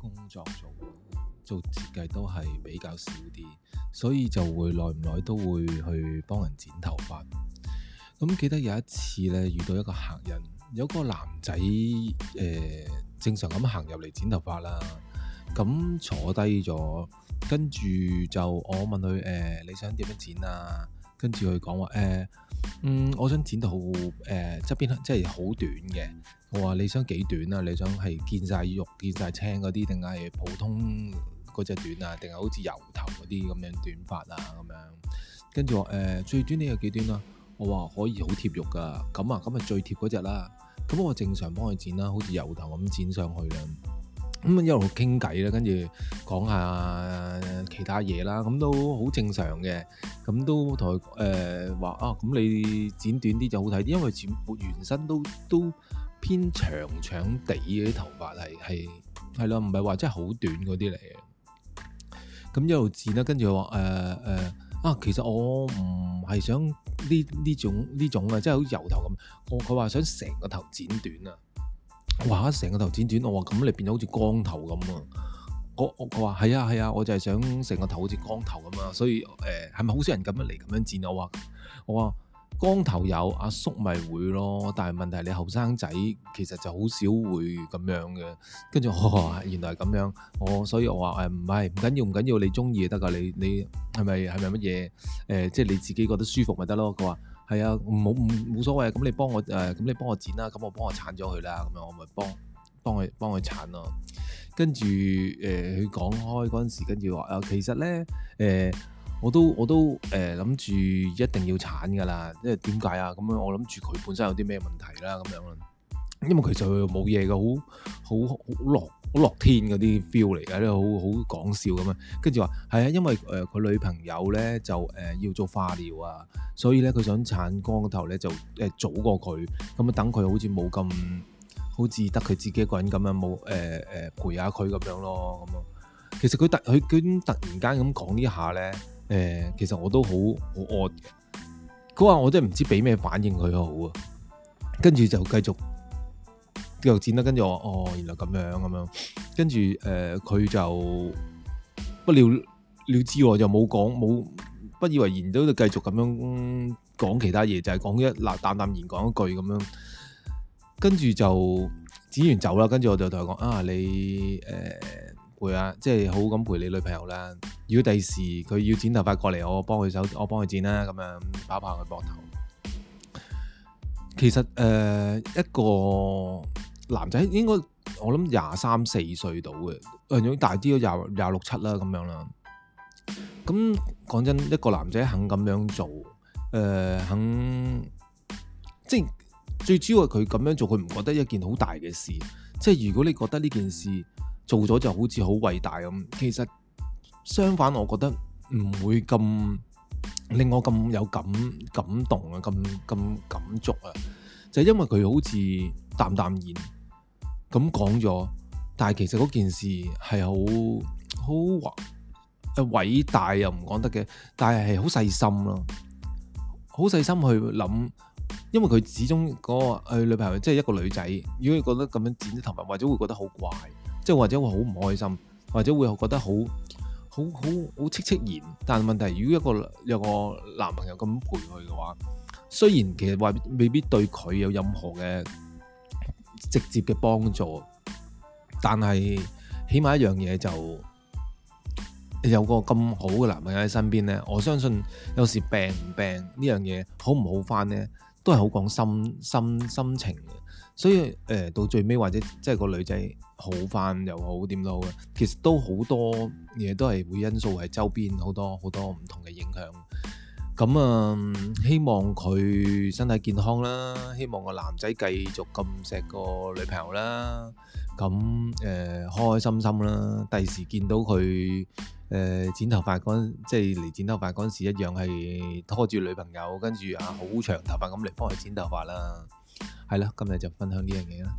工作做做設計都係比較少啲，所以就會耐唔耐都會去幫人剪頭髮。咁記得有一次呢，遇到一個客人，有個男仔誒、呃，正常咁行入嚟剪頭髮啦。咁坐低咗，跟住就我問佢誒、呃，你想點樣剪啊？跟住佢講話誒。呃嗯，我想剪到誒側、呃、邊即係好短嘅。我話你想幾短啊？你想係見晒肉、見晒青嗰啲，定係普通嗰隻短啊？定係好似油頭嗰啲咁樣短髮啊？咁樣跟住我話誒最短呢有幾短啊？我話可以好貼肉噶。咁啊，咁啊最貼嗰隻啦。咁我正常幫佢剪啦，好似油頭咁剪上去啦。咁、嗯、一路傾偈啦，跟住講下其他嘢啦，咁都好正常嘅。咁都同佢誒話啊，咁你剪短啲就好睇啲，因為剪撥完身都都偏長長地啲頭髮係係係咯，唔係話真係好短嗰啲嚟嘅。咁、嗯、一路剪啦，跟住話誒誒啊，其實我唔係想呢呢種呢種啊，即係好油頭咁。我佢話想成個頭剪短啊。哇！成個頭剪短，我話咁你變咗好似光頭咁啊！我我佢話係啊係啊，我就係想成個頭好似光頭咁啊！所以誒，係咪好少人咁樣嚟，咁樣剪？我話我話光頭有阿叔咪會咯，但係問題你後生仔其實就好少會咁樣嘅。跟住我話原來咁樣，我所以我話誒唔係，唔緊要，唔緊要，你中意得噶，你你係咪係咪乜嘢誒？即係你自己覺得舒服咪得咯？佢話。係啊，唔好唔冇所謂啊，咁你幫我誒，咁、呃、你幫我剪啦，咁我幫我鏟咗佢啦，咁樣我咪幫幫佢幫佢鏟咯。跟住誒，佢、呃、講開嗰陣時，跟住話啊，其實咧誒、呃，我都我都誒諗住一定要鏟噶啦，因為點解啊？咁樣我諗住佢本身有啲咩問題啦，咁樣。因為其實佢冇嘢噶，好好好落。好樂天嗰啲 feel 嚟嘅，呢好好講笑咁啊！跟住話係啊，因為誒佢、呃、女朋友咧就誒、呃、要做化療啊，所以咧佢想剷光頭咧就誒、呃、早過佢，咁啊等佢好似冇咁，好似得佢自己一個人咁啊冇誒誒陪下佢咁樣咯咁啊。其實佢突佢佢突然間咁講下呢下咧誒，其實我都好好 odd 嘅。佢話我真係唔知俾咩反應佢好啊，跟住就繼續。又剪啦，跟住我哦，原來咁樣咁樣，跟住誒佢就不了了之，就冇講冇不以為然，都繼續咁樣講其他嘢，就係、是、講一嗱淡淡然講一句咁樣，跟住就剪完走啦。跟住我就同佢講啊，你誒，陪、呃、啊，即係好好咁陪你女朋友啦。如果第時佢要剪頭髮過嚟，我幫佢手，我幫佢剪啦，咁樣拍拍佢膊頭。其實誒、呃、一個。男仔應該我諗廿三四歲到嘅，另、呃、大啲都廿廿六七啦咁樣啦。咁、嗯、講真，一個男仔肯咁樣做，誒、呃，肯即係最主要係佢咁樣做，佢唔覺得一件好大嘅事。即係如果你覺得呢件事做咗就好似好偉大咁，其實相反，我覺得唔會咁令我咁有感感動啊，咁咁感觸啊，就係、因為佢好似淡淡然。咁講咗，但係其實嗰件事係好好誒偉大又唔講得嘅，但係係好細心咯，好細心去諗，因為佢始終嗰個佢女朋友即係、就是、一個女仔，如果覺得咁樣剪啲頭髮，或者會覺得好怪，即係或者會好唔開心，或者會覺得好好好好戚戚然。但係問題，如果一個有一個男朋友咁陪佢嘅話，雖然其實話未必對佢有任何嘅。直接嘅幫助，但係起碼一樣嘢就有個咁好嘅男朋友喺身邊咧。我相信有時病唔病呢樣嘢好唔好返呢，都係好講心心心情嘅。所以誒、呃，到最尾或者即係個女仔好返又好，點都好，其實都好多嘢都係會因素喺周邊好多好多唔同嘅影響。咁啊，希望佢身體健康啦，希望個男仔繼續咁錫個女朋友啦，咁誒開開心心啦，第時見到佢誒剪頭髮嗰，即係嚟剪頭髮嗰陣時一樣係拖住女朋友，跟住啊好長頭髮咁嚟幫佢剪頭髮啦，係啦，今日就分享呢樣嘢啦。